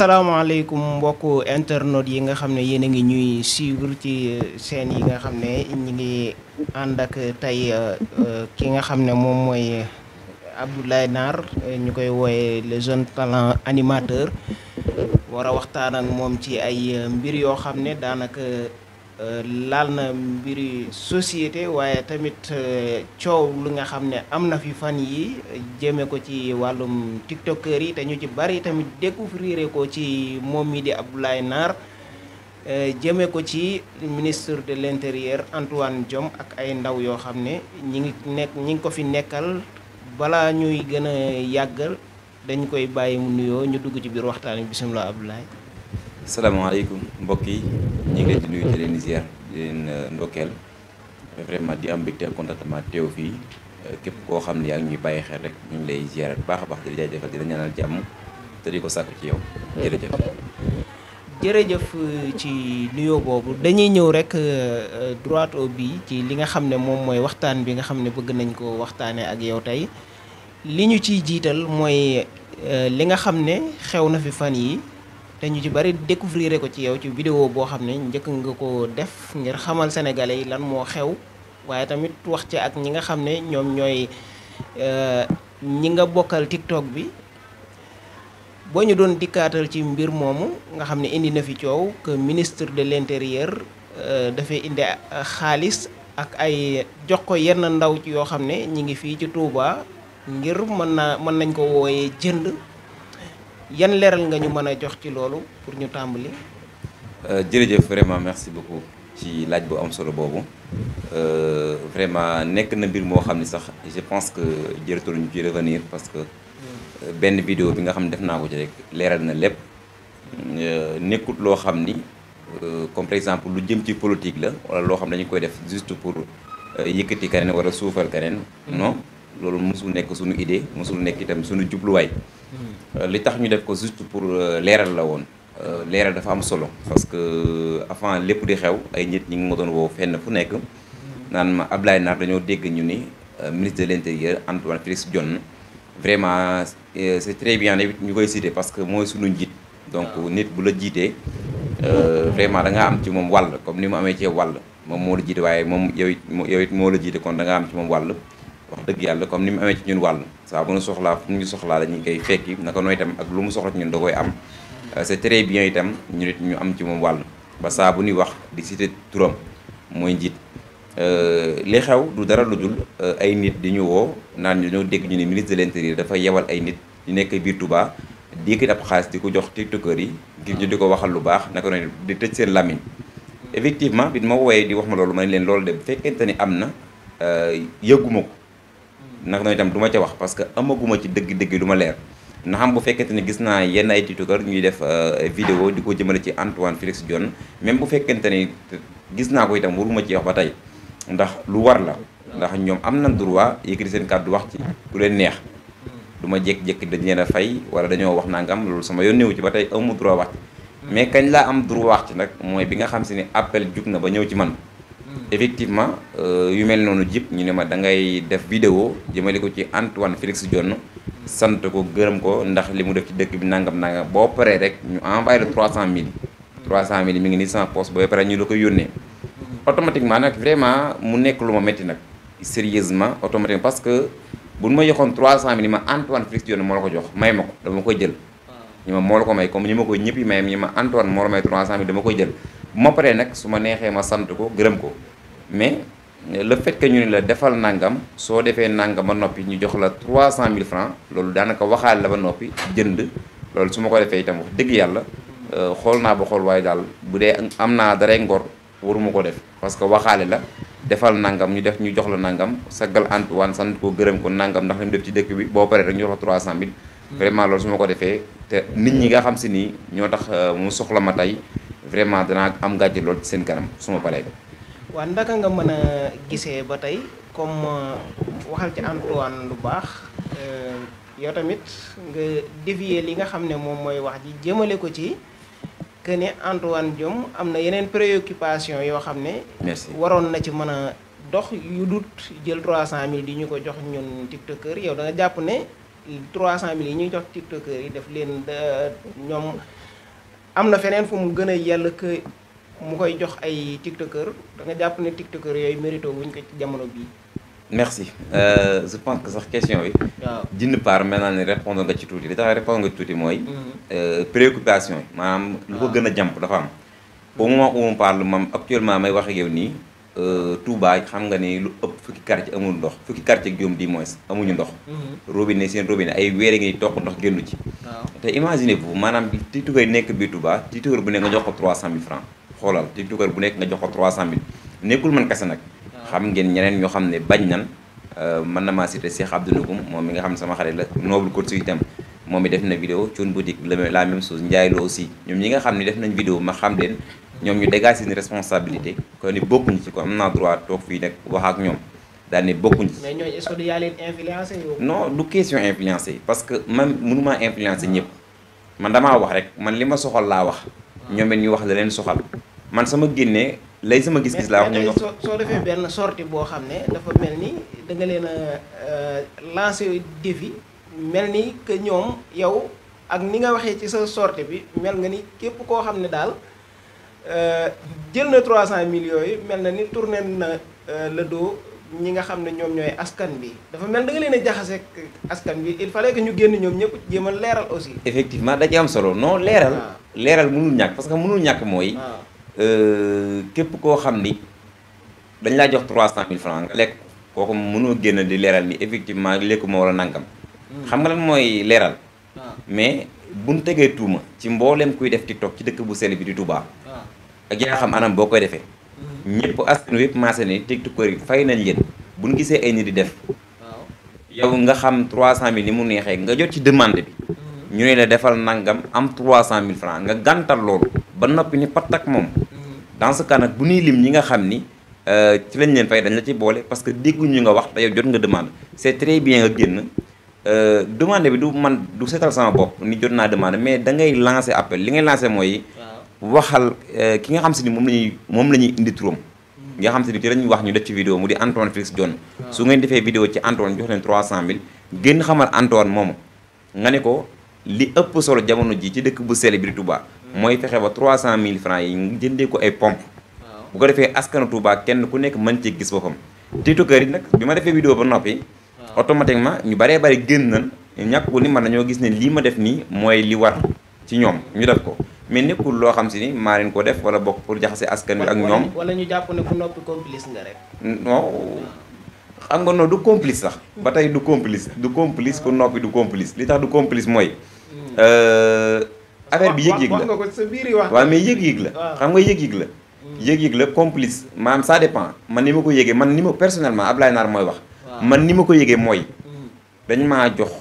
salaamaaleykum mbokk internet yi nga xam ne yéen a ngi ñuy suivre ci seen euh, yi nga xam ne ñu ngi ànd ak euh, tey euh, ki nga xam ne moom mooy Abdoulaye naar ñu koy wooye les jeunes talent animateur war a waxtaan ak moom ci ay mbir yoo xam ne daanaka Euh, laal na mbiri société waaye tamit euh, coow lu nga xam ne am na fi fan yi jëme ko ci wàllum tiktokeur yi te ñu ci bari tamit découvrir ko ci moom mi di Abdoulaye Nar euh, jëme ko ci ministre de l'intérieur Antoine Diome ak ay ndaw yoo xam ne ñi ngi nekk ñi ngi ko fi nekkal balaa ñuy gën a yàggal dañ koy bàyyi mu nuyoo ñu dugg ci biir waxtaan bi bisimilah Abdoulaye salaamaaleykum mbokk yi ñu ngi leen di nuyu di leen ziar di leen euh, di am mbégte ak contentement teew fii euh, képp koo xam ne ak ngi ñuy bàyyi xel rek ñu lay ziar bu baax a baax di la jaajëfal di ko sàkku ci yow jërëjëf. Euh, ci nuyoo boobu dañuy ñëw rek droit au but ci li nga xam ne moom mooy waxtaan bi nga xam ne bëgg nañ ko waxtaanee ak yow tey li ñu ciy jiital mooy li nga xam ne xew na fi fan yi te ñu ci bari découvrir ko ci yow ci vidéo boo xam ne njëkk nga ko def ngir xamal sénégalais yi lan moo xew waaye tamit wax ci ak ñi nga xam ne ñoom ñooy euh, ñi nga bokkal TikTok bi boo ñu doon dikkaatal ci mbir moomu nga xam ne indi na fi coow que ministre de l'intérieur euh, dafay indi xaalis ak ay jox ko yenn ndaw yoo xam ne ñi ngi fii ci Touba ngir mën na mën nañ ko wooyee jënd yan leeral nga ñu mën a jox ci loolu pour ñu tàmbali. Euh, jërëjëf vraiment merci beaucoup ci laaj bu am solo boobu euh, vraiment nekk na mbir moo xam ni sax je pense que jërëtul ñu ci revenir parce que euh, benn vidéo bi nga xam ne def naa ko ci rek leeral na lépp nekkut loo xam ni comme par exemple lu jëm ci politique la walla loo xam dañu koy def juste pour yëkkati keneen walla suufal keneen non loolu mosul nekk suñu idée mosul nekk itam suñu jubluwaay euh, li tax ñu def ko juste pour euh, leeral la woon euh, leeral dafa am solo parce que avant lépp di xew ay nit ñi ngi ma doon woo fenn fu nekk naan ma Ablaye Nar dañoo dégg ñu ni ministre de l'intérieur Antoine Félix Diome vraiment c'est très bien ñu koy cité parce que mooy suñu njiit donc ah. nit bu la jiitee vraiment da am ci moom wàll comme ni mu amee ci wàll moom moo la jiite waaye moom yow it yow it moo la jiite kon da am ci moom wàll wax dëgg yàlla comme ni amee ci ñun wàll saa bu nu soxlaa fu ñu soxlaa dañuy koy fekki naka nooy itam ak lu mu soxla ci ñun koy am euh, c'est très bien itam ñu nit ñu am ci moom wàll ba saa bu ñuy wax di cité turam mooy njiit euh, li xew du dara lu euh, ay nit di ñu naan ñu ñoo ñu ne ministre de l'intérieur dafa yebal ay nit ñu nekk biir tubaa di kit ab xaalis di ko jox tiktokeur yi ngir ñu di ko waxal lu baax naka nooy di tëj seen làmmiñ effectivement bi ma wooyee di wax ma loolu ma ne leen loolu de bu fekkente ni am na yëgguma ko nag noonu itam duma ma ca wax parce que amaguma ci dëgg-dëgg lu ma leer na bu fekkente ne gis naa yenn ay tiktokeur ñuy def euh, vidéo di ko jëmale ci Antoine Félix Diome même bu fekkente ni gis naa ko itam waruma ci wax ba tey ndax lu war la ndax ñoom am na droit yëkkati seen kàddu wax ci lu leen neex du ma jékki-jékki dañ leen a fay wala dañoo wax naa am loolu sama yoon néew ci ba tey amu droit wax ci mais kañ laa am droit wax ci nag mooy bi nga xam si ne appel jug na ba ñëw ci man effectivement euh, yu mel noonu jip ñu ne ma da ngay def vidéo jëmale ko ci Antoine Félix Diome sant ko gërëm ko ndax li mu def ci dëkk bi nangam nangam boo paree rek ñu envoyé la 300000 300000 mi ngi nii sama poste boo paree ñu la ko yónnee automatiquement nag vraiment mu nekk lu ma métti nag sérieusement automatiquement parce que bu ma joxoon 300000 ma Antoine Félix Diome moo la ko jox may ma ko dama koy jël. ñu moo ko may comme ñi ma ko ñëpp yi may ñi ma Antoine moo la may 300000 dama koy jël ma paree nag su ma neexee ma sant ko gërëm ko. mais le fait que ñu ne la defal nangam soo defee nangam ba noppi ñu jox la 300000 francs loolu daanaka waxaale la ba noppi jënd loolu su ma ko defee itam wax dëgg yàlla euh, xool naa ba xool waaye daal bu dee am naa daray ngor waruma ko def parce que waxaale la defal nangam ñu def ñu jox la nangam sagal Antoine sant koo gërëm ko nangam ndax li mu def ci dëkk bi boo paree rek ñu jox la 300000. Hmm. vraiment loolu su ma ko defee te nit ñi nga xam si nii ñoo tax euh, mu soxla ma tey vraiment danaa am gàcce lool seen kanam suma ma waa ndaka nga mën a gisee ba tey comme euh, waxal ci Antoine lu baax euh, yow tamit nga dévier li nga xam ne moom mooy wax ji jëmale ko ci que ne Antoine Diome am na yeneen préoccupation yoo xam ne. merci waroon na ci mën a dox yu dut jël trois cent 300000 di ñu ko jox ñun tiktokeur yow da jàpp ne 300000 yi ñuy jox tiktokeur yi daf leen euh, ñoom am na feneen fu mu gën a yàlla que. mu koy jox ay tiktokeur da nga jàpp ne tiktokeur yooyu mérito wuñ ko ci jamono bii. merci euh, je pense que sax question bi. waaw d'une part mel naa ne répondre nga ci tuuti li tax répondre nga ci tuuti mooy. Mhm. Euh, préoccupation yi maanaam lu ko gën a jàmp dafa am. au moment où on lu maam actuellement may wax ak yow nii euh, Touba xam nga ni lu ëpp fukki quartier amul ndox fukki quartier ak juróom di moins amuñu ndox. Mhm. ne seen robinet ay weer ngi toq ndox génnu ci. te imaginez vous maanaam tiitoor nekk bii Touba tiitoor bu ne nga jox ko 300000 francs xoolal tiktoker bu nekk nga jox ko 300000 nekkul man kese nag. Ah. xam ngeen ñeneen ñoo xam ne bañ nan euh, man na maa cité Cheikh Abdou Nougoum moom mi nga xam ne sama xarit la noble course itam moom mi def na vidéo Thioune Boutique la même chose Ndiaye Lo aussi ñoom ñi nga xam ni def nañ vidéo ma xam leen ñoom ñu dégage seen responsabilité kon ni bokkuñ ci ko am naa droit toog fii nag wax ak ñoom daal ne bokkuñ ci. mais ñooñu est-ce que yaa leen influencé non du question influencé parce que man mënumaa influencé ñëpp man damaa wax rek man li ma soxal laa wax. Ah. ñoom it ñu wax la soxal. man sama génnee lay sama gis-gis laa wax ñu ñoom soo defee benn sorti boo xam ne dafa mel ni da nga leen a euh, lancé défi mel ni que ñoom yow ak ni nga waxee ci sa sortie bi mel nga ni képp koo xam ne daal euh, jël na 300 millions yooyu mel na ni tourné na euh, la doo ñi nga xam ne ñoom ñooy askan bi dafa mel ni nga leen a jaxase askan bi il fallait que ñu génn ñoom ñëpp jéem a leeral aussi. effectivement da ci am solo non leeral. Ah. leeral mënul ñàkk parce que mënul ñàkk mooy. Ah. képp koo xam ni dañ laa jox trois cent mille francs nga lekk kooku mënoo génn di leeral ni effectivement lekkuma wala nangam. xam nga lan mooy leeral. Ah. mais bu buñ tegee tuuma ci mbooleem kuy def TikTok ci dëkk bu sell bi di Touba. Ah. ak yaa xam anam boo koy defee. Mm-hmm. ñëpp askan wi yëpp maase ni TikTokeur yi fay nañ leen buñ gisee ay nit di def. yow nga xam trois cent mille ni mu neexee nga jot ci demande bi. Mm-hmm. ñu ne la defal nangam am trois cent mille francs nga gàntal loolu. ba noppi ni patak moom. dans ce cas nag bu nuy lim ñi nga xam ni euh, ci lañ leen fay dañ la ci boole parce que ñu nga wax te yow jot nga demande c'est très bien nga génn euh, demande bi du man du seetal sama bopp ni jot naa demande mais da ngay lancer appel li ngay lancer mooy. waxal euh, ki nga xam si ni moom la ñuy moom la ñuy indi turam. Hmm. nga xam si ni ci lañuy wax ñu def ci vidéo mu di Antoine Félix su ngeen defee vidéo ci Antoine jox leen 300000 génn xamal Antoine moom nga ne ko li ëpp solo jamono ji ci dëkk bu sell bi di mooy fexe ba trois 300000 francs yi ñu jëndee ko ay pompe bu ko defee askanu Touba kenn ku nekk mën ci gis boppam tiktokeur yi nag bi ma defee vidéo ba noppi automatiquement ñu baree bari génn nan ñàkkul ni mën nañoo gis ne lii ma def nii mooy li war ci ñoom ñu def ko mais nekkul loo xam si ni maa leen ko def wala bokk pour jaxase askan wi ak ñoom wala ñu jàpp ne ku noppi complice nga rek non xam nga noonu du complice sax ba tey du complice du complice ku noppi du complice li tax du complice mooy hmm. euh, affaire bi yëg-yëg la waaw mais yëg-yëg la xam nga yëg-yëg la yëg-yëg la complice maanaam ça dépend man ni ma ko yëgee man ni ma personnellement Ablaye Naar mooy wax man ni ma ko yëgee mooy mm. dañ maa jox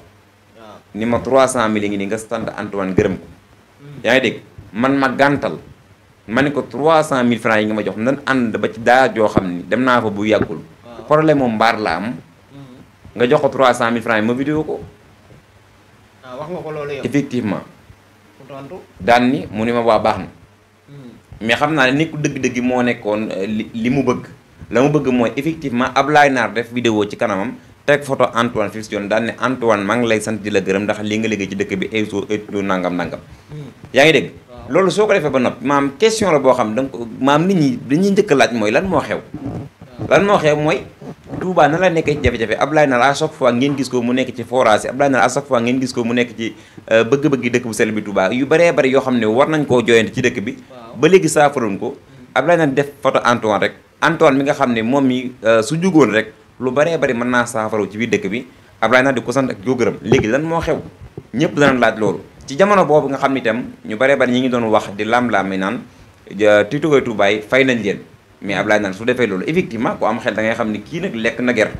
ni ma trois cent mille ngi ni nga stand Antoine gërëm ko mm. yaa ngi dégg man ma gàntal ma ne ko 300 mille francs yi nga ma jox nan ànd ba ci daa joo xam ni dem naa fa bu yàggul problème moom mbaar la am mm. nga jox ko 300 mille francs yi ma vidéo ko. Ah, ko loolu effectivement daan ni mu ni ma waa baax na hmm. mais xam naa ne nit ku dëgg-dëgg moo nekkoon euh, li mu bëgg la mu bëgg mooy effectivement Ablaye Naar def vidéo ci kanamam teg photo Antoine Félix yoon daan ne Antoine maa ngi lay sant di la gërëm ndax li nga liggéey ci dëkk bi ay soo nangam nangam hmm. yaa ngi dégg loolu soo ko defee ba nopp maam question la boo xam da nga ko maam nit ñi dañuy jëkk laaj mooy lan moo xew lan moo xew mooy Touba na la nekkee ci jafe-jafe Ablaye na la à chaque fois ngeen gis ko mu nekk ci forage Ablaye na la à chaque fois ngeen gis ko mu nekk ci euh, bëgg-bëgg dëkk bu sell bi Touba yu bëree bëri yoo xam ne war nañ koo jooyante ci dëkk bi ba léegi saafaroon ko Ablaye na def photo Antoine rek Antoine mi nga xam ne moom mi euh, su jugoon rek lu bëree bëri mën naa saafaru ci biir dëkk bi Ablaye na di ko sant ak ko gërëm léegi lan moo xew ñëpp danañ laaj loolu ci jamono boobu nga xam ne itam ñu bëree bëri ñi ngi doon wax di lam-lam mi naan tiitogoy Touba yi fay nañ leen mais Ablaye naan su defee loolu effectivement ku am xel da xam ni kii nag lekk na ger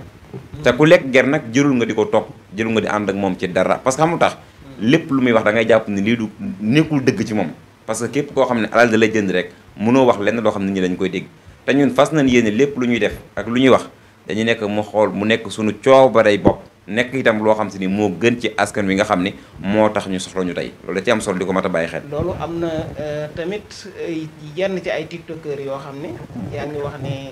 te ku lekk ger nag jërul nga di ko topp jërul nga di ànd ak moom ci dara parce que xam tax lépp lu muy wax dangay jàpp ni lii du nekkul dëgg ci moom parce que képp koo xam ne alal da lay jënd rek mënoo wax lenn doo xam ne ñi dañ koy dégg te ñun fas nañ yéene lépp lu ñuy def ak lu ñuy wax dañu nekk mu xool mu nekk suñu coobarey bopp nekk itam loo xam si ni moo gën ci askan wi nga xam ni moo tax ñu soxla ñu tey loolu da ci am sol di ko mat a bàyyi xel. loolu am na euh, tamit euh, yenn ci ay tiktokeur yoo xam ne yaa ngi wax ne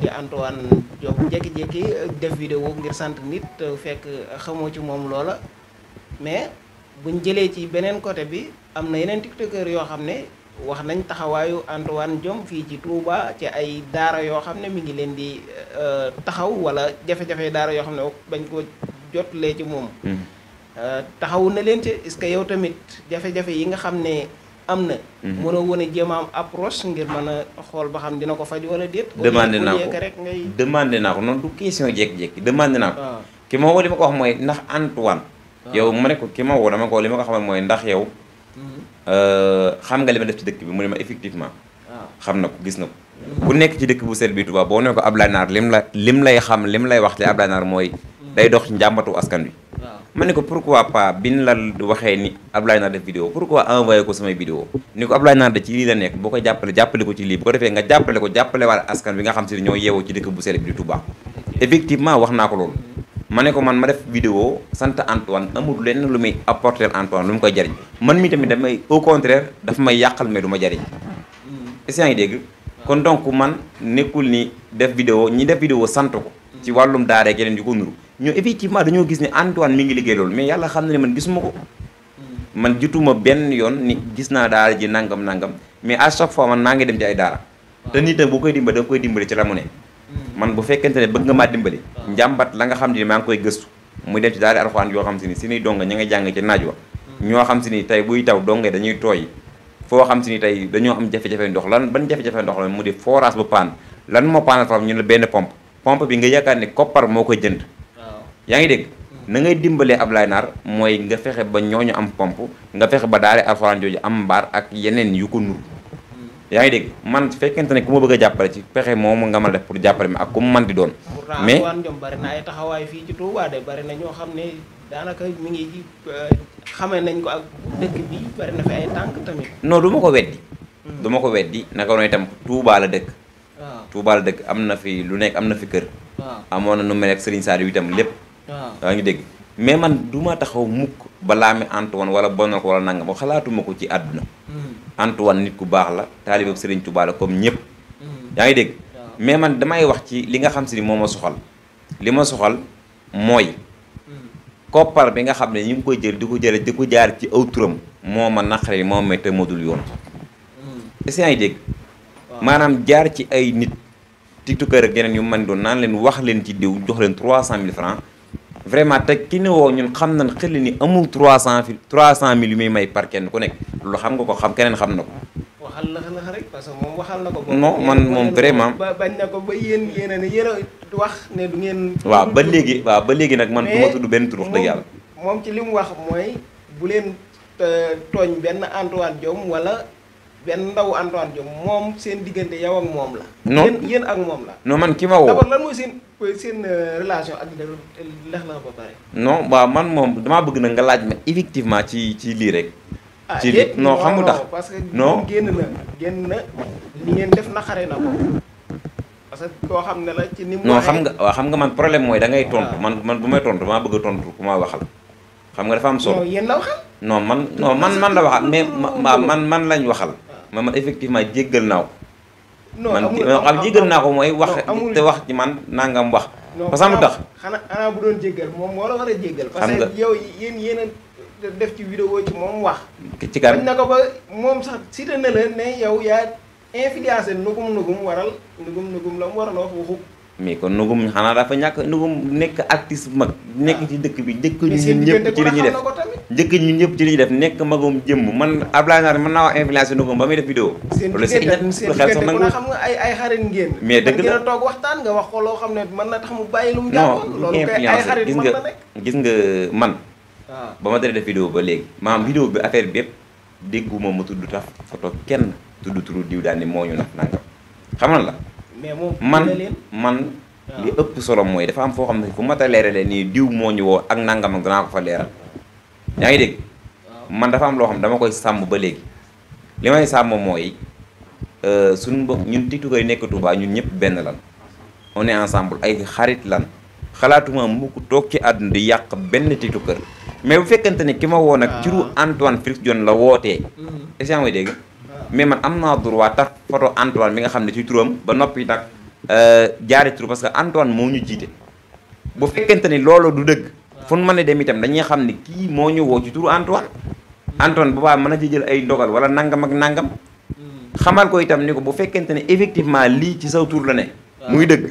li euh, Antoine Diop jékki-jékki def vidéo ngir sant nit fekk xamoo ci moom loola mais buñ jëlee ci beneen côté bi am na yeneen tiktokeur yoo xam ne. wax nañ taxawaayu Antoine Diome fii ci Touba ci ay daara yoo xam ne mi ngi leen di euh, taxaw wala jafe-jafe daara yoo xam ne bañ ko jotlee ci moom hmm. euh, taxawu na leen ci est-ce que yow tamit jafe-jafe yi nga xam ne am na hmm. mënoo a jéem jëmaam am approche ngir mën a xool ba xam dina ko faj wala déet demandé naa ko rek ngay demandé naa ko noonu du question jékki-jékki demande naa ko ah. ki ma woo li ma ko wax mooy ndax Antoine ah. yow ma ne ko ki ma woo dama li ma ko xamal mooy ndax yow Euh, xam nga li ma def ci dëkk bi mu ne ma effectivement. xam na ko gis na ko. ku nekk ci dëkk bu sell bi Tuubaa boo ne ko Ablaye Naar lim lay xam lim lay wax li Ablaye Naar mooy. day dox njàmbatu askan wi. ma ne ko pourquoi pas biñ la waxee ni Ablaye Naar def vidéo pourquoi ko samay vidéo ni ko Ablaye Naar la nekk boo ko jàppale jàppale ko ci lii bu ko nga jàppale ko jàppale waale askan wi nga xam si ne ñoo yeewoo ci dëkk bu sell bi di effectivement wax naa ko loolu. ma ne ko man ma def vidéo sant Antoine amul lenn lu muy apporter Antoine lu mu koy jariñ man mi tamit damay au contraire dafa may yàqal mais du ma jariñ est-ce yaa ngi dégg kon donc man nekkul ni def vidéo ñi def vidéo sant ko ci wàllum daaree yeneen yu ko nuru ñoo effectivement dañoo gis ni Antoine mi ngi liggéey loolu mais yàlla xam na ne man gisuma ko man jutuma benn yoon ni gis naa daal ji nangam nangam mais à chaque fois man naa ngi dem ci ay daara te nit bu koy dimbali ci la mu ne Mm. man bu fekkente ne bëgg nga maa dimbali njàmbat la nga xam ne maa ngi koy gëstu mu dem ci daara yoo xam ni suñuy donga ña nga jàng ci naaj mm. ñoo xam si ni tey buy taw donga dañuy tooy foo xam ni tey dañoo am jafe ndox lan ban jafe-jafe ndox la mu di forage bu paan lan moo paanal sax ñu ne benn pompe pompe bi nga yaakaar ne koppar moo koy jënd yaa ngi dégg mm. na ngay dimbalee ab lay naar mooy nga fexe ba ñooñu am pompe nga fexe ba daare alxuraan jooju am mbaar ak yeneen yu ko nur yaa ngi dégg man su fekkente ne ku ma bëgg a jàppale ci pexe moom nga ma def pour jàppale mi ak ku mu man di doon. mais pourtant bari na ay fii ci Touba bari na ñoo xam ne daanaka mi ngi euh, xamee nañ ko ak dëkk bi fi ay tànk tamit. non du ma ko weddi. Hmm. du ma ko weddi naka noonu itam Touba la dëkk. waaw ah. dëkk am na fi lu nekk am na fi kër. Ah. amoon na nu mel ak Serigne Saliou itam lépp. waaw ah. ngi dégg mais man du ma taxaw mukk balaa mi Antoine wala bonal ko wala nangam xalaatuma ko ci àdduna. Hmm. Antoine nit ku baax la taaliba Serigne Touba la comme ñëpp. Mm-hmm. yaa ngi dégg mais man damay wax ci li nga xam si ni moo ma soxal li ma soxal mooy. Mm-hmm. koppar bi nga xam ne ñu ngi koy jël di ko jële di ko jaar ci aw turam moo ma naqare moo ma te moo dul yoon. Mm-hmm. est-ce yaa ngi dégg. maanaam jaar ci ay nit. tiktokeur ak yeneen yu man doon naan leen wax leen ci diw jox leen 300000 francs vraiment te ki ne woo ñun xam nañ xel ni amul trois cent 000 yu muy may par kenn ku nekk. lu xam nga ko xam keneen xam na ko. waxal na ko rek parce que moom waxal na ko. non man moom vraiment bañ na ko ba yéen yéen a ne yéen a wax ne du ngeen. waaw ba léegi waaw ba léegi nag man du ma dëgg yàlla. moom ci li mu wax mooy bu leen tooñ benn Antoine Diome wala. benn ndaw Antoine Diome moom seen diggante yow ak moom la. non yéen ak moom la. non man ki ma woo d'abord lan seen seen euh, relation ak lex la ba pare. non man moom damaa bëgg na nga laaj ma effectivement ci ci lii rek ci ah, li non xam nga tax parce que non génn na génn na ngeen def naqare na parce que koo xam ne la ci ni mu non nga waaw xam nga man problème mooy da ngay tontu ah. man man bu may tontu maa bëgg a tontu ku ma waxal xam nga dafa am solo yéen la man non man man la waxal mais ma man man lañ waxal ah. ma man effectivement jéggal naaw ko man jéggal naa ko mooy wax te wax ci man nangam wax parce que xanaa bu doon jéggal moom moo la war a jéggal parce que yow yéen yéen def ci vidéo ci moom wax. ci kan na ko moom sax cité na la ne yow yaa influencé nugum nugum waral nugum nugum la mu waral wax waxu. mais kon nugum xanaa dafa ñàkk nugum nekk artiste bu mag. nekk ci dëkk bi njëkk ñun ñëpp ci li ñuy def njëkk ñun ñëpp ci li ñuy def nekk magum jëmm man Abdoulaye Nar mën naa wax influencé nugum ba muy def vidéo. loolu si ñett lu xel sax nangu seen nga ay xarit ngeen. mais dëgg la toog waxtaan nga wax ko loo xam ne man na tax mu bàyyi lu mu loolu kay ay gis nga man Ah. ba ma dara def ba léegi maam vidéo bi affaire bi yëpp dégguma ma tudd tax photo kenn tudd turu diw daal ni moo ñu nax nangam xamal la man man ah. li ëpp solo mooy dafa am foo xam ne fu ma ta leerale nii diw moo ñu woo ak nangam ak danaa ko fa leeral yaa ngi dégg ah. man dafa am loo xam dama koy sàmm ba léegi li may sàmm mooy euh, suñu mbokk ñun tiktok yi nekk Touba ñun ñëpp benn lan on est ensemble ay xarit lan xalaatuma mu ko toog ci àdduna di yàq benn tiitu kër mais bu fekkente ne ki ma woo nag ci ru ah. Antoine Félix Diome la wootee mm. est-ce que may dégg ah. mais man am naa waa tax photo Antoine mi nga xam ne ci turam ba noppi nag euh, jaari tur parce que Antoine moo ñu jiite bu fekkente ni loolu du dëgg ah. fu nu mën a dem itam dañuy xam ne kii moo ñu woo ci turu Antoine Antoine boobaa mën na ci jël ay ndogal wala nangam ak nangam mm. xamal ko itam ni ko bu fekkente ne effectivement lii ci saw tur la ne muy dëgg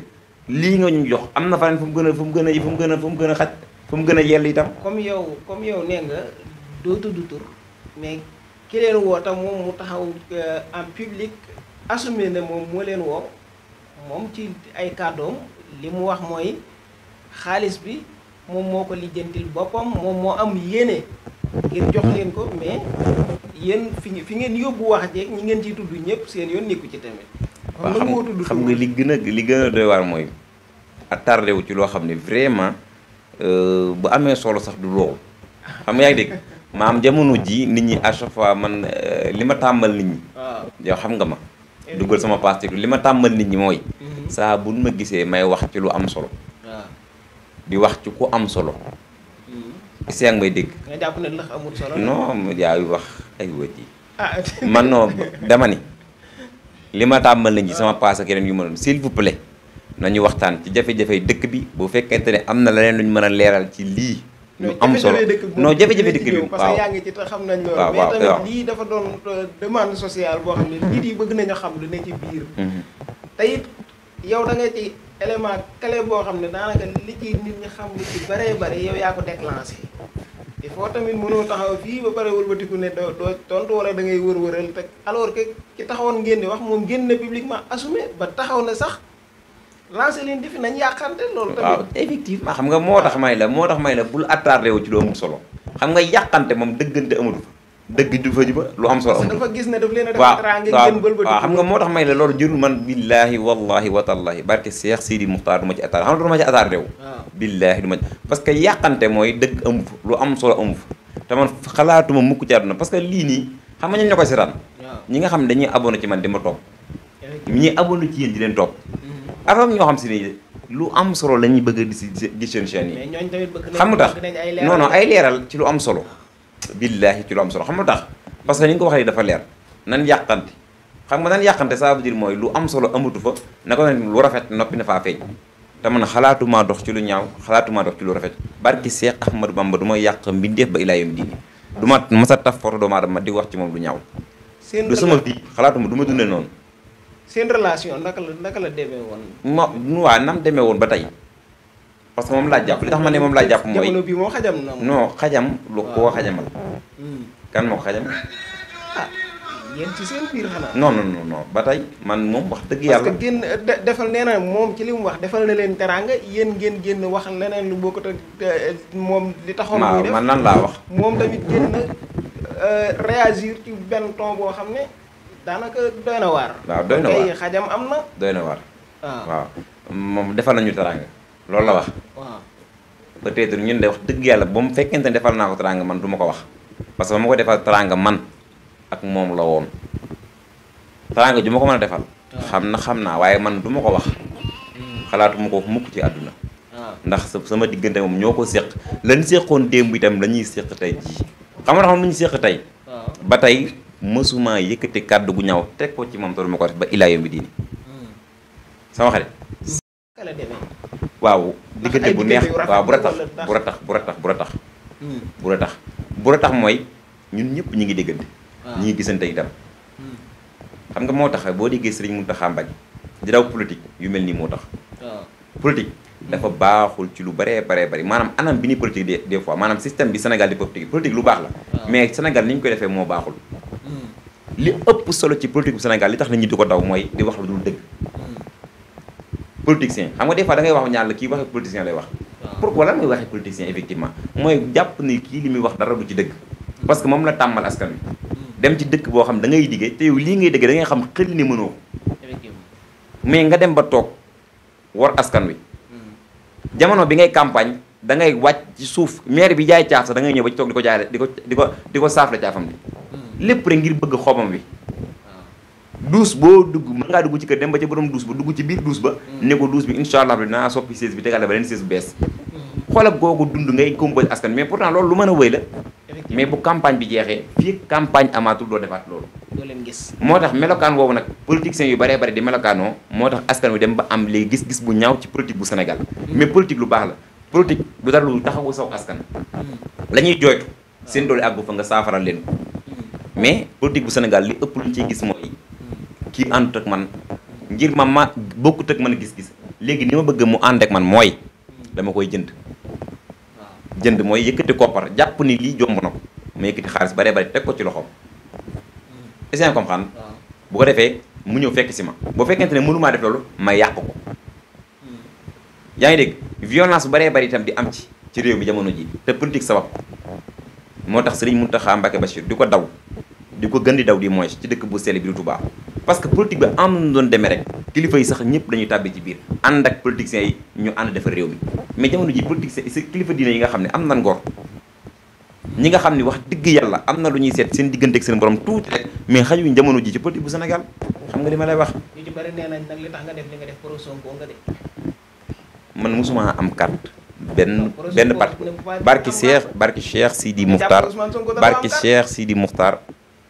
lii nga ñu jox am na fan fu mu gën a fu mu gën a fu mu gën a fu mu gën a xaj fu mu gën a yell itam. comme yow comme yow nee nga doo tudd tur mais ki leen woo tam moom mu taxaw euh, en public assumé ne moom moo leen woo moom ci ay kàddoom li mu wax mooy xaalis bi moom moo ko lijjantil boppam moom moo am yéene ngir jox leen ko mais yéen fi fi ngeen yóbbu wax jeeg ñi ngeen ciy tudd ñëpp seen yoon nekku ci tamit. waaw xam nga xam nga li gën a li gën a doy waar mooy attardé wu ci loo xam ne vraiment euh, bu amee solo sax du loolu xam nga yaa ngi dégg maam jamono ji nit ñi à chaque fois man euh, li ma tàmbal nit ñi yow xam nga ma eh. dugal sama pastèque li ma tàmbal nit ñi mooy mm-hmm. saa bu nu ma gisee may wax ci lu am solo di wax ci ku am solo mm-hmm. gisee ak may dégg nga jàpp ne ndax amul solo non yaay wax ay wët yi man non dama li ma tàmmal nañ ci sama paas ak yeneen yu ma doon s'il vous plaît nañu waxtaan ci jafe-jafe dëkk bi bu fekkente ne am na leneen ñu mën a leeral ci lii. ñu am solo noo jafe-jafe dëkk bi parce que yaa ngi ci te xam nañ loolu mais tamit lii dafa doon euh, demande sociale boo xam ne nit yi bëgg nañu xam lu ne ci biir. Mm-hmm. tey yow da nga ci élément clé boo xam ne daanaka li ci nit ñi xam li ci bëree bëri yow yaa ko déclenché. il faut tamit mënoo taxaw fii ba pare wëlbatiku ne doo doo tontu wala da ngay wër-wëral teg alors que ki taxawoon ngeen di wax moom génn na publiquement assumé ba taxaw na sax lancé leen defi nañ yàqante loolu. tamit waaw effectivement xam nga moo tax may la moo tax may la bul attardé wu ci doomu solo. xam nga yàqante moom dëggante amatu dëgg du fa ji ba lu am solo am gis ne daf leen a def teraanga ngeen bëlbëtu nga moo tax may la loolu jërul man billaahi wallahi watallahi barke Cheikh Sidi Muxtaar du ma ci attaar xam ci attaar réew ah. billaahi mooy dëgg amu fa lu am solo amu mukk ci àdduna parce que lii nii xam nga ñoom ñoo koy seetaan ah. ñi nga xam dañuy abonné ci man di ma topp ñi abonné ci yéen di leen topp afam mm-hmm. ñoo xam si ni lu am solo la ñuy bëgg di si gis seen chaîne yi xam nga tax non non ay leeral ci lu am solo billaahi ci lu am solo xam nga tax parce que ni nga ko waxee dafa leer nan yàqante xam nga nan yàqante ça veut dire mooy lu am solo amatu fa na ko ne lu rafet noppi na faa feeñ te man ci lu ñaaw xalaatumaa ci lu rafet barki Seex Ahmadu Bamba du ma yàq mbindeef ba ilaa yawmi diini du ma masa taf photo doomu ma di wax ci moom lu ñaaw du sama di xalaatuma du ma dundee noonu seen relation naka la naka la demee woon ma waa nam demee woon ba tey parce que moom laa jàpp li tax ma ne moom laa jàpp mooy jamono bi moo xajam na non xajam lu koo xajamal hmm. kan moo xajam ah yéen ci seen biir xanaa non non non ba tey man moom wax dëgg yàlla parce que moom ci li mu wax defal na leen teraanga yéen ngeen génn wax leneen lu bokkut ak li taxoon muy def man nan laa wax moom tamit génn euh, réagir ci benn ton boo xam ne daanaka doy na waar waaw doy na waar xajam am na doy na waar ah. waaw moom defal nañu teraanga loolu la wax. peut-être ñun de wax dëgg yàlla ba mu fekkente ne defal naa ko teraanga man duma ko wax parce que ba ma ko defal teraanga man ak moom la woon teraanga ju ma ko mën a defal. xam na xam naa waaye man duma ko wax. Mm. xalaatuma ko mukk ci àdduna. ndax sama diggante moom ñoo ko séq lan séqoon démb itam la ñuy séq tey jii xam nga xam lu séq tey. ba tey mësuma yëkkati kàddu gu ñaw teg ko ci moom te du ma ko def ba ilaa bi diini. Mm. sama xarit. waaw diggante bu neex waaw bu ratax bu ratax bu ratax bu hmm. ratax bu ratax bu ratax mooy ñun ñëpp ñu ngi déggante ah. ñu ngi gisante itam hmm. xam nga moo tax boo déggee Sëriñ mun Mbacké di daw politique yu mel nii moo tax ah. politique hmm. dafa baaxul ci lu baree baree bari maanaam anam bi ni politique des des fois maanaam système bi Sénégal di politique politique lu baax la ah. mais Sénégal ni ñu koy defee moo baaxul li ëpp solo ci politique bu Sénégal li tax nit ñi di ko daw mooy di wax lu dul dëgg politicien xam nga des fois da wax ñaan la kii waxee politicien lay wax pourquoi lan mooy waxee politicien effectivement mooy jàpp ni kii li muy wax dara du ci dëgg parce que moom la tàmmal askan wi hmm. dem ci dëkk boo xam da ngay diggee te yow lii ngay dëgg da ngay xam xëli ne mënoo mais nga dem ba toog war askan wi hmm. jamono bi ngay campagne da ngay wàcc ci suuf maire bi jaay caaf sax da ngay ñëw ba ci toog di ko jaay di ko di ko di ko saafla caafam bi hmm. lépp rek ngir bëgg xobam wi duus boo dugg mën ngaa dugg ci kër dem ba ca borom duus ba dugg ci biir duus ba mm. ne ko duus bi incha allah bi dinaa soppi sées bi tegal la beneen sées bu bees mm. xool googu dund ngay composé askan mais pourtant loolu lu mën a wëy la mais bu campagne bi jeexee fii campagne amaatul doo defaat loolu leen gis moo tax melokaan woowu nag politiciens yu baree bari di melokaanoo moo tax askan wi dem ba am léegi gis-gis bu ñaaw ci politique bu Sénégal mm. mais politique lu baax la politique du dara lu taxawu saw askan la ñuy jooytu seen ah. doole àggu fa nga saafaral leen mais politique bu Sénégal li ëpp lu ñu ciy gis mooy kii àndut ak man ngir ma ma bokkut ak man gis-gis léegi ni ma bëgg mu ànd ak man mooy dama koy jënd jënd mooy yëkkati koppar jàpp ni lii jomb na ko ma yëkkati xaalis bare bare teg ko ci loxoom est-ce que xam bu ko defee mu ñëw fekk si ma boo fekkente ne mënumaa def loolu ma yàq ko hmm. yaa ngi dégg violence bu baree bari itam di am ci ci réew mi jamono ji te politique sabab moo tax Sëriñ Muntaxa Mbàkke Bachir di ko daw di ko gën di daw di moins ci dëkk bu sell bi du Touba parce que politique bi am na doon demee rek kilifa yi sax ñëpp dañuy tàbbi ci biir ànd ak politiciens yi ñu ànd defar réew mi mais jamono ji politiciens yi kilifa diine yi nga xam ne am na ngor ñi nga xam ne wax dëgg yàlla am na lu ñuy seet seen diggante ak seen borom tuuti rek mais xajuñ jamono ji ci politique bu Sénégal xam nga li ma lay wax. ñu ci bari nee nañ nag li tax nga def li nga def pro Sonko nga de. man mosuma am carte. benn benn parti barki Cheikh barki Cheikh Sidi Moukhtar barki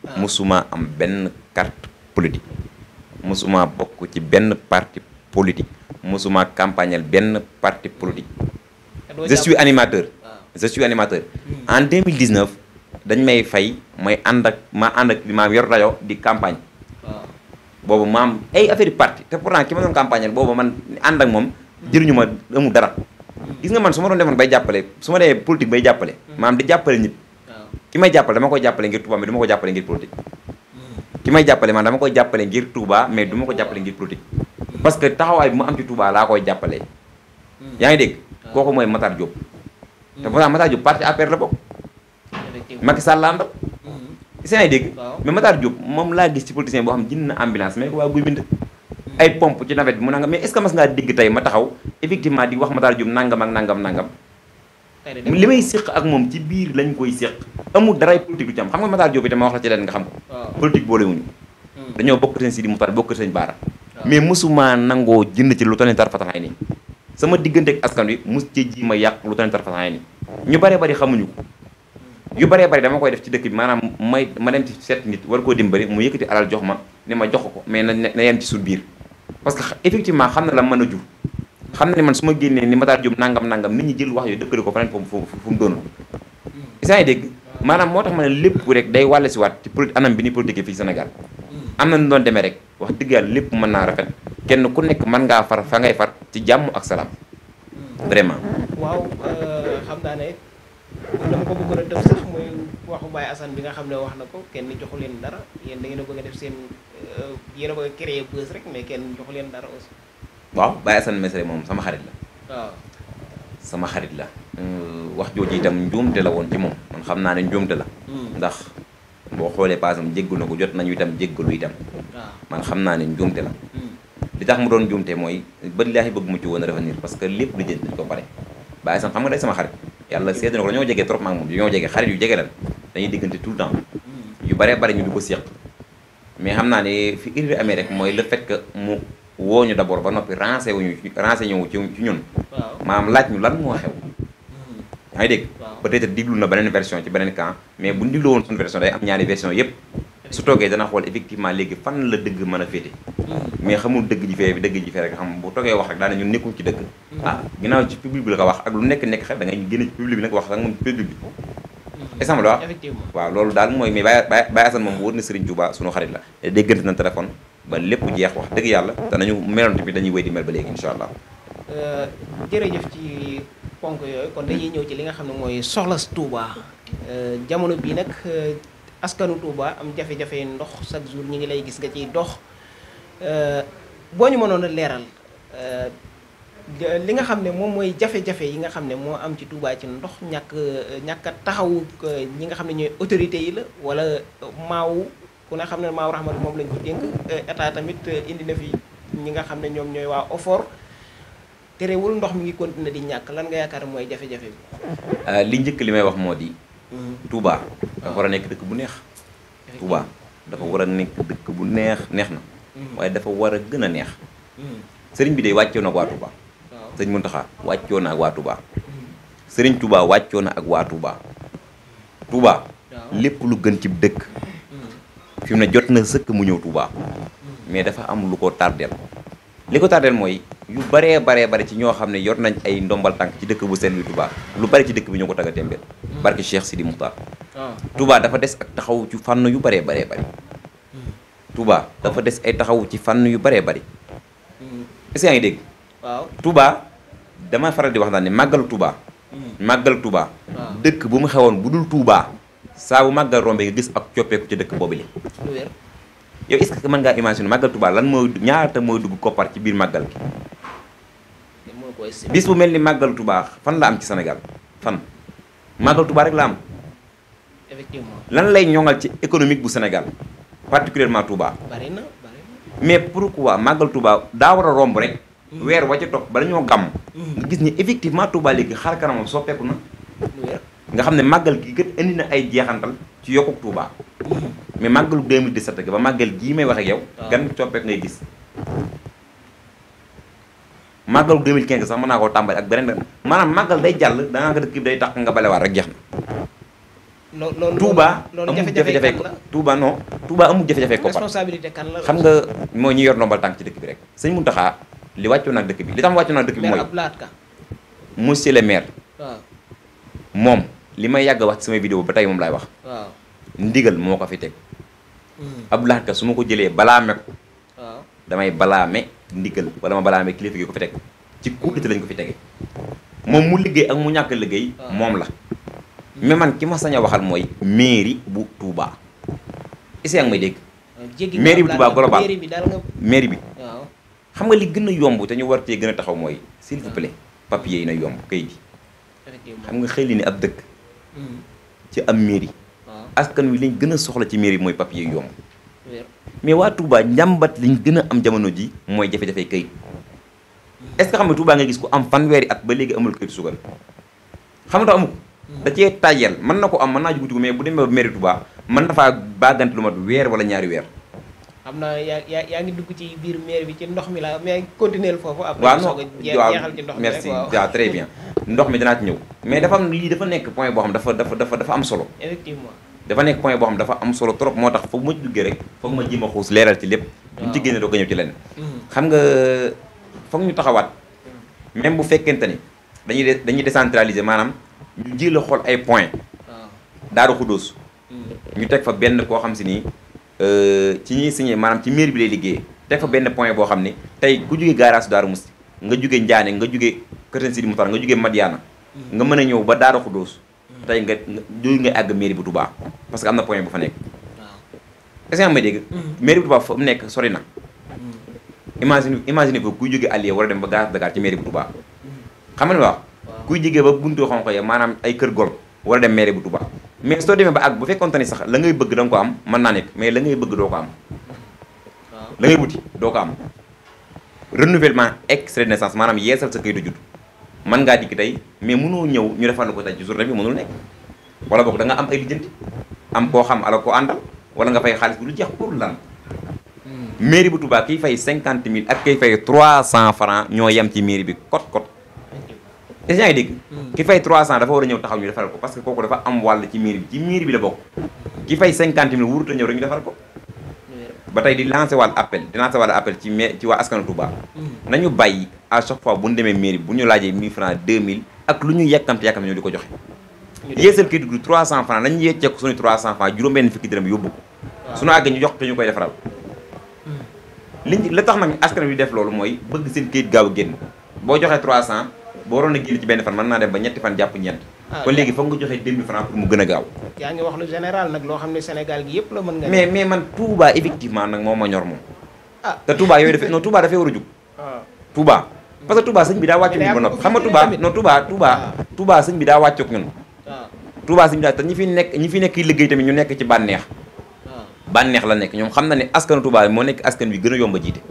Ah. musuma am benn carte politique musuma bokk ci benn parti politique musuma campagnal benn parti politique ah. je suis animateur je suis animateur en 2019 dañ may fay may ànd ak ma ànd ak bi yor rajo di campagne ah. boobu maam ay affaire parti te pourtant ki ma doon campagnal boobu man ànd ak moom jëriñu ma amul dara hmm. gis nga man su ma doon defoon bay jàppale su ma dee politique bay jàppale hmm. maam di jàppale nit ki may jàppale dama koy jàppale ngir Touba mais du ma may jàppale man dama koy jàppale ngir Touba mais duma ma ko jàppale ngir politique parce que taxawaay bi mu am ci Touba laa koy jàppale yaa ngi dégg ah. kooku mooy Matar Diop te hmm. pourtant Matar Diop parti APR la bokk Macky Sall la àndal hmm. seen ay dégg mais Matar Diop moom laa gis ci politicien boo xam jënd na ambulance mais ko waa guy bind hmm. ay pompe nawet mu nangam mais est ce que dégg tey ma taxaw effectivement di wax Matar Diop nangam ak nangam nangam li may séq ak moom ci biir lañ koy séq amul daray politique du ci am xam nga Matar Diop itam ma wax la ci leen nga xam ko politique boole wuñu hmm. dañoo bokk seen Sidi Moutar bokk seen Baara mais ma nangoo jënd ci lu toll nii tarfataxay nii sama diggante ak askan wi mos ci ji ma yàq lu toll nii tarfataxay nii ñu bare bëri xamuñu ko hmm. yu bëree bëri dama koy def ci dëkk bi maanaam may ma dem ci seet nit war koo dimbali mu yëkkati alal jox ma ne ma jox ko mais na na yem ci suñu biir parce que effectivement xam na la mën a jur xam na ni man su ma génnee ni Matar Diop nangam nangam nit ñi jël wax yooyu dëkkale ko faneen fu mu fu mu doonul yaa ngi dégg maanaam moo tax ma lépp rek day wàll si waat ci anam bi ni politique fii Sénégal am na nu doon demee rek wax dëgg yàlla lépp mën naa rafet kenn ku nekk man ngaa far fa ngay far ci jàmm ak salaam vraiment waaw euh, xam naa ne dama ko bëggoon a def sax mooy waxu Baye assan bi nga xam ne wax na ko kenn joxu leen dara yéen da ngeen a a def seen euh, yéen a bëgg a créer buzz kenn joxu leen dara aussi waaw Baye Assane Mesere moom sama xarit la. sama xarit la. Euh, wax jooju itam njuumte la woon ci moom man xam naa ne njuumte la. Hmm. ndax boo xoolee paasam jéggalu na ko jot nañu itam jéggalu itam. man xam naa ne njuumte la. Hmm. li tax mu doon njuumte mooy ba laaxi bëgg mu ci woon revenir parce que lépp lu jënd dañ ko pare Baye Assane xam nga day sama xarit yàlla sedd na ko dañoo jege trop maak moom dañoo jege xarit yu jege lan dañuy diggante tout le temps. Hmm. yu baree bari ñu di ko séq mais xam naa ne fi irri amee rek mooy le fait que mu. woo ñu d'abord ba noppi renseigné wu ñu renseigné wu ci ñun. maam laaj ñu lan moo xew. Hmm. yaa ngi dégg peut-être diglu na beneen version ci beneen camp mais bu ñu diglu woon suñu version day am ñaari version yépp su toogee dana xool effectivement léegi fan la dëgg mën a féete hmm. mais xamul dëgg ji fee dëgg ji fee rek xam bu toogee wax rek daana ñu nekkuñ ci dëgg hmm. ah ginnaaw ci public bi la ko wax ak lu nekk nekk xel da ngay génn ci public bi nag wax sax moom public bi exemple la wax waaw loolu daal mooy mais Baye Baye Assane moom wóor na Serigne Touba sunu xarit la déggante na téléphone ba lépp jeex wax dëgg yàlla te nañu meloon tamit dañuy wéy di mel ba léegi incha allah euh, jërëjëf ci ponk yooyu kon dañuy ñëw ci li nga xam ne mooy soxlas Touba euh, jamono bii nag euh, askanu Touba am jafe-jafe ndox chaque jour ñu ngi lay gis nga ciy dox boo ñu mënoon a leeral li nga xam ne moom mooy jafe-jafe yi nga xam ne moo am ci Touba ci ndox ñàkk ñàkk a taxawu ñi nga xam ne ñooy autorités yi la wala maaw ku ne xam ne maaw rahmat moom lañ ko dénk euh, état tamit euh, indi na fi ñi nga xam ne ñoom ñooy waa OFOR terewul ndox mi ngi continuer di ñàkk lan nga yaakaar mooy jafe-jafe bi. Euh, li njëkk li may wax moo di. Hmm. Touba dafa war a nekk dëkk bu neex. dafa war a nekk dëkk bu neex neex na. Hmm. waaye dafa war a gën a neex. Hmm. sëriñ bi day wàcce na ko waa Touba. sëñ Muntaxa wàccoo na ak waa Touba sëriñ tubaa wàccoo na ak waa Touba Touba lépp lu gën ci dëkk fi mu ne jot na sëkk mu ñëw Touba mais dafa am lu ko tardeel li ko tardeel mooy yu baree baree bare ci ñoo xam ne yor nañ ay ndombal tànk ci dëkk bu seen bi Touba lu bari ci dëkk bi ñoo ko tagga témbeel barke Cheikh Sidi Muxtaar tubaa dafa des ak taxaw ci fànn yu baree baree bari hmm. Touba dafa des ay taxaw ci fànn yu baree bari hmm. est-ce yaa ngi dégg waaw Touba dama faral di wax naa ni màggal tubaa hmm. màggal tubaa dëkk bu mu xewoon bu dul Touba saa bu màggal rombé nga gis ak coppeeku ci dëkk boobu li yow est-ce que mën ngaa imaginer màggal Touba lan mooy ñaata mooy dugg koppar ci biir màggal gi. bis bu mel ni màggal Touba fan la am ci senegal fan màggal Touba rek la am. lan lay ñoŋal ci économique bu senegal particulièrement Touba. bari na bari na màggal tubaa daa war a romb rek. weer wa ca topp ba dañoo gàmm mm-hmm. nga gis ni effectivement Touba léegi xar kanamam soppeeku na nga xam ne màggal gi gët indi na ay jeexantal ci yokkuk Touba mm-hmm. mais màggalu 2017 gi ba màggal gii may wax ak yow ah. gan soppeeku ngay gis màggalu 2015 sax mën naa koo tàmbali ak beneen maanaam màggal day jàll dangaa nga dëkk bi day tax nga balewaat rek jeex na Touba amul jafe-jafe Touba non Touba amul jafe-jafe koppar responsabilité kan la xam nga moo ñu yor ndombal tànk ci dëkk bi rek sëñ Muntaxa li wàccu nag dëkk bi li tax wàccu nag dëkk bi mooy monsieur le maire moom li may yàgg wax ci samay vidéo ba tey moom laay wax ndigal moo ko fi teg hmm. Abdou su ma ko jëlee balaame ko damay balaame ndigal wala ma balaame kilifa gi ci kuulite lañ ko fi tege moom mu liggéey ak mu ñàkk liggéey moom la hmm. mais ki ma sañ a waxal mooy mairie bu Touba isi yaa ngi may dégg mairie bu Touba global mairie bi xam nga li gën a yomb te ñu war cee gën a taxaw mooy s'il vous plaît papier yi na yomb kayit yi xam nga xëy li ne ab dëkk ci am mairie hmm. askan wi liñ gën a soxla ci mairie mooy papier yomb mais waa Touba njàmbat liñ gën a am jamono ji mooy jafe-jafe kayit est-ce xam nga Touba nga gis ko am fanweeri at ba léegi amul kayitu suukar xam nga tax amu hmm. da cee tayel mën na ko am mën naa juguti ko mais bu demee ba mairie mën na faa baagante lu mat weer wala ñaari weer xam naa yaa ngi dugg ci biir maire bi ci ndox mi la mais continuer foofu. après waaw noo jeexal ci ndox mi merci waaw très bien. ndox mi danaat ci ñëw. mais dafa am lii dafa nekk point boo xam dafa dafa dafa dafa am solo. effectivement dafa nekk point boo xam dafa am solo trop moo tax foog mu duggee rek foog ma jéem a xuus leeral ci lépp. waaw ñu ci génne doo ko ñëw ci lenn. Hmm. xam nga foog ñu taxawaat. Hmm. même bu fekkente ni dañuy de dañuy décentraliser maanaam ñu ji la xool ay point ah. daaru xudóos. Hmm. ñu teg fa benn koo xam si nii. Euh, ci ñuy signé maanaam ci mairie bi lay liggéey teg fa benn point boo xam ne tey ku jugee garage Daaru Musti nga jugee Njaane nga jugee Kër Sëñ Sidi Muxtaar nga jugee Madiana mm. nga mën a ñëw ba Daaru Xuddoos mm. tey nga jur nga àgg mairie bu Touba parce que am na point bu fa nekk est-ce que nga may dégg mm. mairie mu nekk sori na imagine imagine ko kuy jóge Aliou war dem ba garage Dakar ci mairie bu Touba xam nga li kuy jógee ba buntu xonq ya maanaam ay kër gol war dem mairie bu Touba mais soo demee ba ak bu fekkoonte ni sax la ngay bëgg da nga ko am mën naa nekk mais la ngay bëgg doo ko am la ngay wuti doo ko am renouvellement extrait de naissance maanaam yeesal sa kayitu judd mën ngaa dikk tey mais noo ñëw ñu defal la ko tey ci journée bi mënul nekk wala boog da nga am ay lijjanti am koo xam ala ko àndal wala nga fay xaalis bu lu jeex pour lan hmm. mairie bu Touba kiy fay cinquante mille ak kiy fay trois cent francs ñoo yem ci mairie bi kot kot est-ce yaa ngi dégg hmm. war a ñëw taxaw ñu defal ko parce que kooku dafa am wàll ci miir bi ci miir bi la bokk ki fay 50 a ñëw rek ñu defal ko ba tey di lancé wàll appel ci ma ci waa askanu Touba hmm. nañu bàyyi à chaque fois bu ñu demee bu ñu laajee 1000 francs 2000 ak lu ñu yàkkamte yàkkamte ñoo joxe yeesal kii dugg 300 francs nañu yeccee ko suñu 300 francs juróom benn fukki dërëm yóbbu ko suñu àggee ñu jox te ñu koy defaral hmm. liñ la tax nag askan bi def loolu mooy bëgg seen kayit gaaw a génn boo joxee cent boo waroon a génn ci benn fan mën naa dem ba ñetti fan jàpp ñeent ah, kon léegi foog nga joxe 2000 francs pour mu gën a gaaw ngi wax lu général nag loo xam ne Sénégal yëpp la mën nga mais mais man Touba effectivement nag moo ma ñor moom ah te tubaa yooyu dafay non tubaa dafa war a jug ah. Touba parce que Touba bi daa wàccu ñun ba noppi xam nga Touba non Touba Touba ah. Touba sëñ bi daa wàccook ñun Touba sëñ bi daa te ñi fi nekk ñi fi nekk liggéey tamit ñu nekk ci bànneex bànneex la nekk ñoom xam na ne askanu Touba moo nekk askan bi gën a yomb a jiite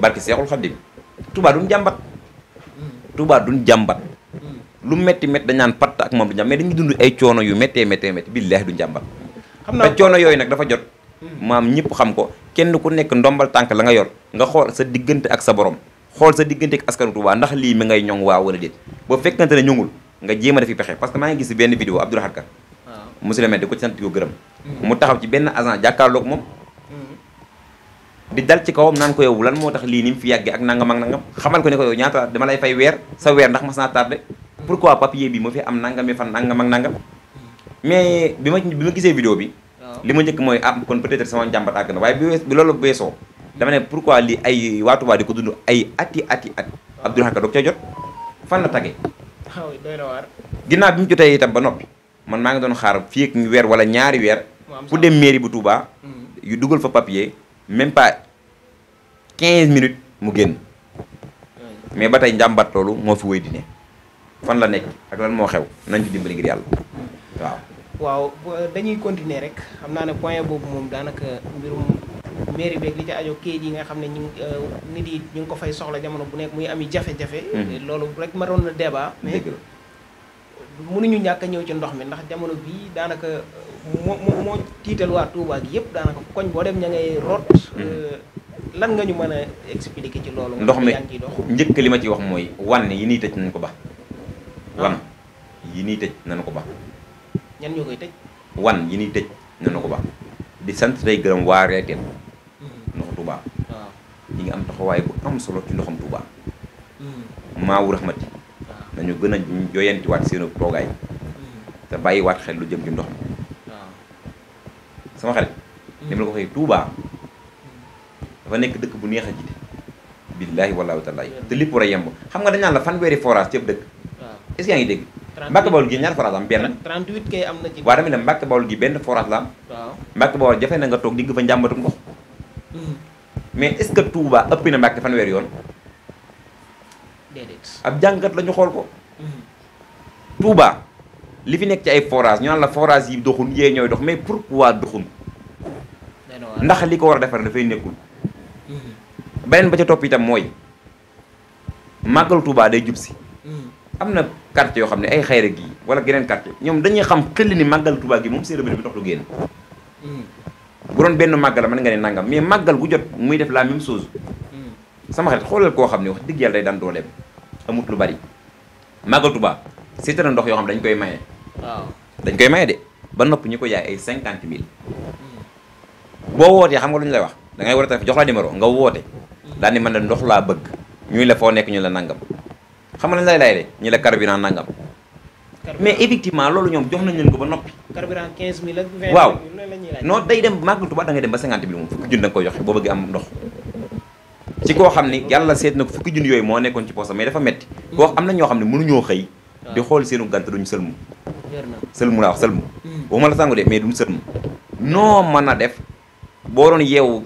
barki Seexul Xaddim tubaa du jàmbat Touba duñ jàmbat hmm. lu metti métti dañ naan patt ak moom du jàmbat mais dañuy dund ay coono yu méttee méttee métti billaahi du jàmbat xam naa coono yooyu nag dafa jot hmm. maam ñëpp xam ko kenn ku nekk ndombal tànk la nga yor nga xool sa diggante ak sa borom xool sa diggante ak askanu Touba ndax lii mi ngay ñoŋ waaw wala déet boo fekkante ne ñëwul nga jéem a def pexe parce que maa ngi gis benn vidéo Abdoulaye Kharkar monsieur le maire di ko sant di ko gërëm hmm. mu taxaw ci benn agent jàkkaarloog moom di dal ci kaw am naan ko yow lan moo tax lii ni mu fi yàggee ak nangam ak nangam xamal ko ne ko yow ñaata dama lay fay weer sa weer ndax mas naa tardé pourquoi papier bi moo fi am nangami fan nangam ak nangam mais bi ma bi ma gisee vidéo bi li ma njëkk mooy ah kon peut-être sama njàmbat àgg na waaye bi bi loolu beesoo dama ne pourquoi li ay waa Touba di ko dund ay ati ati at Abdoul Ahad doog ca jot fan la tagee waaw ah doy na waar ginnaaw bi mu jotee itam ba noppi man maa ngi doon xaar fii ak weer wala ñaari weer ku dem mairie bu Touba mm. yu dugal fa papier même pas 15 minutes mu génn mais ba tey njàmbat loolu moo fi wéy di fan la nekk ak lan moo xew nañ ci dimbali ngir yàlla waaw. waaw dañuy continuer rek xam naa ne point boobu moom daanaka mbirum mairie beeg li ci ajo kayit yi nga xam ne ñu euh, nit yi ñu ngi ko fay soxla jamono bu nekk muy ami jafe-jafe. Hmm. loolu rek ma doon na débat. mais mënuñu ñàkk ñëw ci ndox mi ndax jamono bii daanaka. moo moo moo tiital waa Touba gi yëpp daanaka koñ boo dem ña ngay root. Hmm. Euh, lan nga ñu mën a expliquer ci loolu. ndox mi njëkk li ma ci wax mooy wan yi nii tëj nañ ko ba. Ah. wan yi nii tëj nañ ko ba. ñoo koy tëj. wan yi nii tëj nañ ko ba di sant day gërëm waa Reeteen. Hmm. ndox Touba. Ah. ñi ngi am taxawaay bu am solo ci ndoxam Touba. Hmm. maawu raxmati ah. nañu gën a jooyantiwaat seen toogaay. te bàyyi waat xel lu jëm ci ndox mi. sama xarit. demal mm. ko fay nekk dëkk bu neex a jiite. billaahi wallaahi taalaa te lépp war a yemb xam nga dañ la fanweeri forage ci ab dëkk. est ce que yaa ngi dégg. 38 Mbàkke Bawol gi ñaar forage am benn. 38 kay am na ci. waaw tamit nag Mbàkke Bawol gi benn forage la am. waaw na nga toog digg fa njàmbatum ndox. Mm. mais est ce que Touba ëpp na Mbàkke fanweeri yoon. déedéet ab jàngat la ñu xool ko. Mm. Touba li fi nekk ci ay forage ñu naan la forage yi doxul yee ñooy dox mais pour pourquoi doxul. ndax li ko war a defar dafay nekkul beneen ba ca topp itam mooy màggal tubaa day jub si am na quartier yoo xam ne ay xayra gi wala geneen quartier ñoom dañuy xam xel ni màggal Tuubaa gi moom seen revenu bi tax du bu doon benn màggal mën nga ne nangam mais màggal gu jot muy def la même chose sama xarit xoolal koo xam ne wax dëgg yàlla day daan dooleem amut lu bari màggal Tuubaa seeta na ndox yoo xam dañ koy maye. dañ koy maye de ba nopp ñu ko yaay ay cinquante mille boo wootee xam nga lu lay wax da ngay war a tax jox la numéro nga woote daal ni man la ndox laa bëgg ñuy la foo nekk ñu la nangam xam nga lañ lay lay de ñu la carburant nangam. mais effectivement loolu ñoom jox nañ leen ko ba noppi. carburant 15000 ak 20000 waaw non day dem màggal Tuubaa da ngay dem ba 50 bi moom fukki junni da nga koy joxe boo bëgg am ndox. ci koo xam ni yàlla seet na ko fukki jun yooyu moo nekkoon ci poosam mais dafa metti koo am na ñoo xam ne mënuñoo xëy. di xool seenu gànt duñu sëlmu. sëlmu laa wax sëlmu. Hmm. waxuma la sàngu de mais duñu sëlmu noo mën a def boo doon yeewu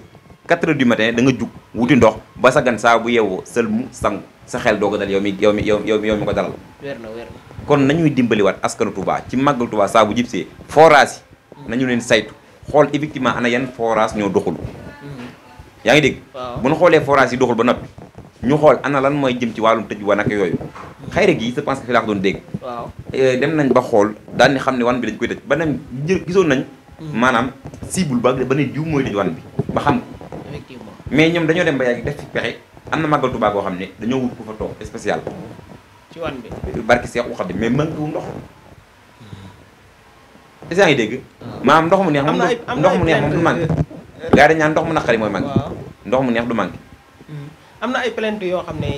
4 heures du matin da nga jug wuti ndox ba sa gan saa bu yeewoo sël mu sangu sa xel doo ko dal yow mi yow mi yow yow mi ko dalal. weer na na kon nañuy dimbaliwaat askanu Touba ci màggal Touba saa bu jibsee forage yi. nañu leen saytu xool effectivement ana yan forage ñoo doxul. Mm-hmm. yaa ngi dégg. bu ñu xoolee forage yi doxul ba noppi. ñu xool ana lan mooy jëm ci wàllum tëj wa ak yooyu mm-hmm. xayre gi je pense que fi laa ko doon dégg. Eh, dem nañ ba xool daan ni xam ne wan bi dañ koy tëj ba dem gisoon nañ maanaam cible ba ba ne diw mooy tëj wan bi ba xam mais ñoom dañoo dem ba yàgg def ci pexe am na màggal Tuubaa koo xam ne dañoo wut ko fa toog spécial ci wan bi barki Seexu Xaadim mais manquéwul ndox est-ce que ngi dégg maanaam ndox mu neex moom ndox mu neex moom du manqué gars yi dañ naan ndox mu naqari mooy manqué ndox mu neex du manqué mm-hmm. am na ay plainte yoo xam ne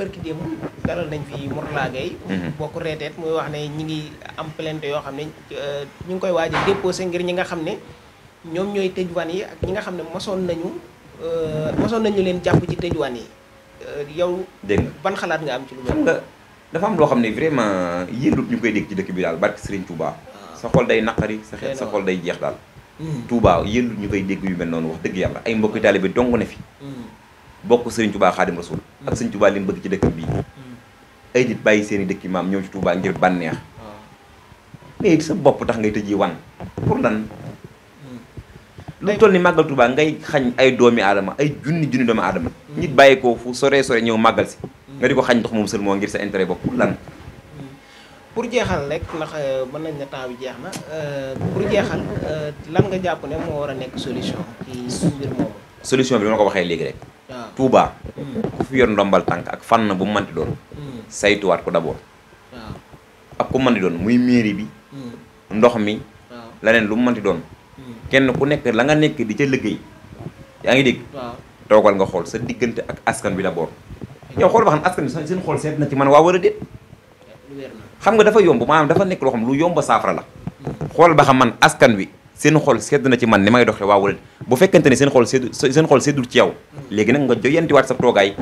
bërki démb dalal nañ fi Mourtala Gueye mhm. bokk reeteet muy wax ne ñi ngi am plainte yoo xam ne euh, ñu ngi koy waaj a déposé ngir ñi nga xam ne ñoom ñooy tëjwan yi ak ñi nga xam ne mosoon nañu euh, mosoon nañu leen jàpp ci tëjwan yi euh, yow dégg nga ban xalaat nga am ci lu xam nga dafa am loo xam ne vraiment yëndut ñu koy dégg ci dëkk bi daal barki Serigne Touba ah. sa xol day naqari sa xel sa xol day jeex daal hmm. Touba yëndut ñu koy dégg yu mel noonu wax dëgg yàlla ay mbokki taalibe dong ne fi hmm. bokk Serigne Touba Xaadim Rasul ak Serigne Touba lim mu bëgg ci dëkk bii ay nit bàyyi seeni i dëkki maam ñëw ci Touba ngir bànneex ah. mais sa bopp tax ngay tëji wan pour lan hmm. lu toll ni màggal Touba ngay xañ ay doomi aadama ay junni junni doomi aadama hmm. nit bàyyi ko fu sore sore ñëw màggal si hmm. nga di ko xañ ndox moom sël moo ngir sa intérêt bopp pour lan pour jeexal rek ndax euh, mën nañ na temps bi jeex na euh, pour jeexal euh, lan nga jàpp ne moo war a nekk solution solution bi dama ko waxee léegi rek. Ah. Touba ku fi ndombal tànk ak fànn bu mu mënti doon. Hmm. saytuwaat ko d'abord. Ah. ak ku mënti doon muy mairie bi. Hmm. ndox mi. Ah. leneen lu mu mënti doon. Hmm. kenn ku nekk la nga nekk di ca liggéey. yaa ngi dégg. toogal nga xool sa diggante ak askan bi d'abord. yow xool ba xam askan bi seen xool seet na ci man waa war a déet. Eh, xam nga dafa yomb maanaam dafa nekk loo xam lu yomb saafara la. xool ba xam man askan wi. seen xol sedd na ci man ni may doxee waaw wala bu fekkente ne seen xol sedd seen xol seddul ci yow léegi nag nga joyantiwaat sa toogaay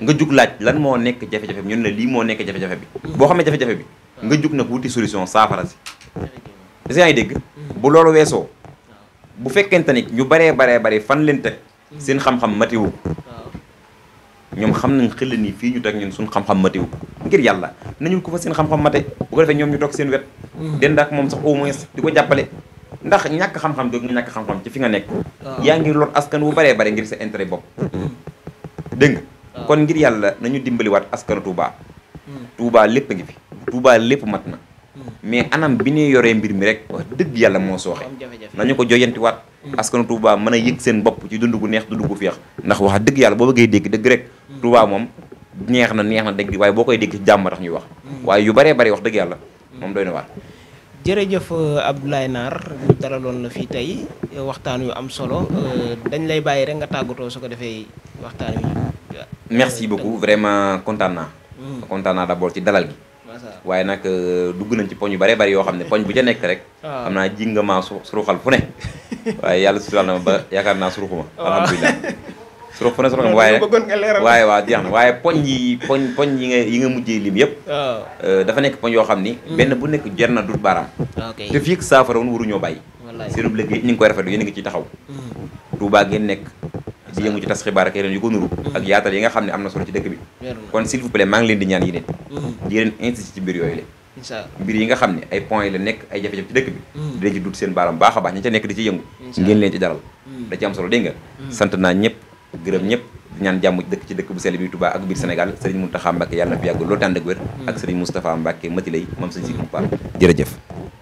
nga jug laaj lan moo nekk jafe-jafe bi lii moo nekk jafe-jafe bi boo xamee jafe-jafe bi nga jug nag wuti solution saafara si est-ce que ngi dégg bu loolu weesoo bu fekkente ni ñu baree baree bare fan leen teg seen xam-xam matiwu ñoom xam nañ xel nii fii ñu teg ñun suñ xam-xam matiwu ngir yàlla nañu ko fa seen xam-xam mate bu ko defee ñoom ñu toog seen wet mm. dend ak moom sax au moins di ko jàppale ndax ñàkk xam-xam doog ñàkk ci fi nga nekk ah. yaa ngi lool askan wu baree bare ngir sa intérêt bopp mm-hmm. dégg ah. kon ngir yàlla na nañu dimbaliwaat askanu Touba mm. Touba lépp a ngi fi Touba lépp mat na mm. mais anam bi ñuy yoree mbir mi rek wax dëgg yàlla moo sooxe nañu ko joyantiwaat mm. askanu Touba mën a yëg seen bopp ci dund gu neex dund gu feex ndax wax dëgg yàlla boo bëggee dégg dëgg rek Touba moom neex na neex na dégg waaye boo koy dégg ci jàmm tax ñuy wax waaye yu baree bari wax dëgg yàlla moom doy na jërëjëf euh, Abdoulaye Nar ñu dalaloon la fii tey euh, waxtaan yu am solo euh, dañ lay bàyyi rek nga tàggatoo su ko defee waxtaan wi. merci beaucoup vraiment kontaan naa. Hmm. kontaan naa d'abord ci dalal gi. waaye nag dugg nañ ci poñ yu bare bari yoo xam ne poñ bu ca nekk rek. Ah. xam naa ji nga maa suruxal fu ne. waaye yàlla suturaal na ba yaakaar naa suruxuma. Ah. alhamdulilah. soro fu ne soro nga waaye rek waaye waaw jeex na waaye poñ yi poñ yi nga yi lim yëpp ah. euh, dafa nekk poñ yoo xam ni mm. benn bu nekk jar na dut baaraam te fii ak saafara woon waruñoo bàyyi seenub liggéey ñu ngi koy rafetlu yéen a ngi ciy taxaw mm. Tuubaa ngeen ko nuru mm. ak yaatal yi nga xam ne am na solo ci dëkk bi kon s'il vous plaît maa ngi leen di ñaan yéen di leen insisté ci mbir yooyu la mbir yi nga xam ne ay points yi la nekk ay jafe-jafe ci dëkk bi dinañ ci dut seen baaraam baax a baax ñi ca nekk di ci yëngu ngeen leen ci gërëm ñëpp ñaan jàmm dëkk ci dëkk bu sell bi Touba ak biir Sénégal sëriñ Mountakha Mbacké yàlla na fi yàgg loolu tànd ak wér ak sëriñ Moustapha Mbacké Matilay moom sëñ si Moupa jërëjëf